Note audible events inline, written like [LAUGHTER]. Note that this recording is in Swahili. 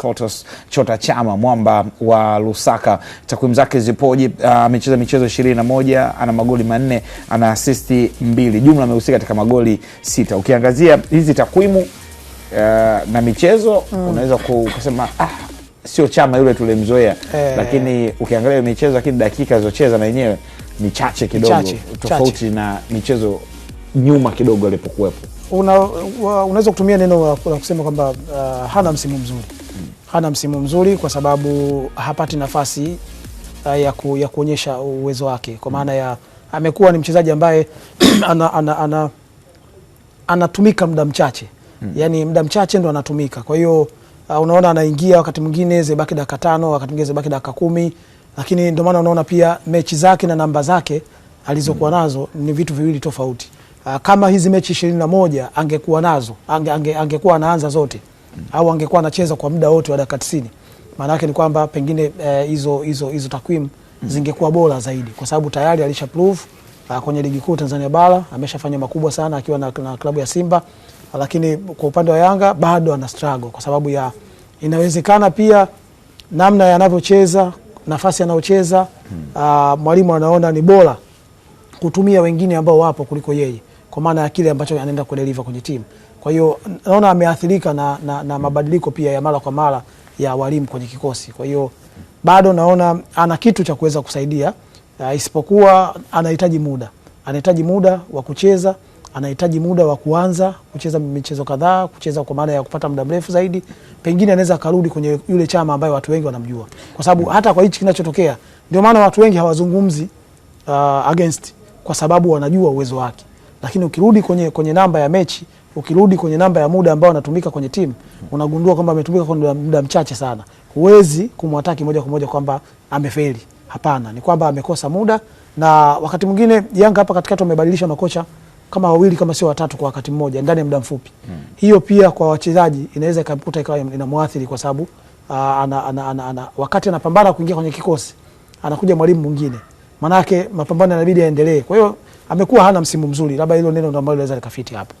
Kotos Chota Chama mwamba wa Lusaka, takwimu zake zipoje? Ah, amecheza uh, michezo ishirini na moja, ana magoli manne, ana asisti mbili, jumla amehusika katika magoli sita. Ukiangazia hizi takwimu uh, na michezo mm. unaweza kusema ah, sio Chama yule tulimzoea eh, lakini ukiangalia michezo, lakini dakika alizocheza na yenyewe ni chache kidogo, chache, tofauti chache na michezo nyuma kidogo alipokuwepo. Una, Unaweza kutumia neno la kusema kwamba uh, hana msimu mzuri hana msimu mzuri kwa sababu hapati nafasi ah, ya, ku, ya kuonyesha uwezo wake kwa maana ya amekuwa ni mchezaji ambaye [CLEARS THROAT] ana, ana, ana, anatumika muda mchache mm. Yani muda mchache ndo anatumika. Kwa hiyo uh, unaona anaingia wakati mwingine zebaki dakika tano, wakati mwingine zebaki dakika kumi, lakini ndio maana unaona pia mechi zake na namba zake alizokuwa hmm. nazo ni vitu viwili tofauti. Uh, kama hizi mechi ishirini na moja angekuwa nazo ange, ange, angekuwa anaanza zote au angekuwa anacheza kwa muda wote wa dakika 90, maana yake ni kwamba pengine hizo eh, hizo hizo takwimu mm. zingekuwa bora zaidi, kwa sababu tayari alisha prove ah, kwenye ligi kuu Tanzania bara ameshafanya makubwa sana akiwa na, na klabu ya Simba, lakini kwa upande wa Yanga bado ana struggle kwa sababu ya inawezekana pia namna yanavyocheza nafasi anayocheza uh, mwalimu anaona ni bora kutumia wengine ambao wapo kuliko yeye, kwa maana ya kile ambacho anaenda kudeliver kwenye timu. Kwa hiyo naona ameathirika na, na, na mabadiliko pia ya mara kwa mara ya walimu kwenye kikosi. Kwa hiyo bado naona ana kitu cha kuweza kusaidia uh, isipokuwa anahitaji muda, anahitaji muda wa kucheza, anahitaji muda wa kuanza kucheza michezo kadhaa, kucheza kwa maana ya kupata muda mrefu zaidi. Pengine anaweza akarudi kwenye yule chama ambayo watu wengi wanamjua, kwa sababu hata kwa hichi kinachotokea, ndio maana watu wengi hawazungumzi uh, against, kwa sababu wanajua uwezo wake, lakini ukirudi kwenye, kwenye namba ya mechi ukirudi kwenye namba ya muda ambao anatumika kwenye timu unagundua kwamba ametumika kwa muda mchache sana. Huwezi kumwataki moja kwa moja kwamba amefeli, hapana, ni kwamba amekosa muda, na wakati mwingine Yanga hapa katikati wamebadilisha makocha kama wawili kama sio watatu kwa wakati mmoja ndani ya muda mfupi hmm. Hiyo pia kwa wachezaji inaweza ikakuta ikawa inamwathiri kwa sababu ah, ana, ana, ana, ana, wakati anapambana kuingia kwenye kikosi anakuja mwalimu mwingine, manake mapambano yanabidi yaendelee. Kwa hiyo amekuwa hana msimu mzuri, labda hilo neno ndo ambalo linaweza likafiti hapo.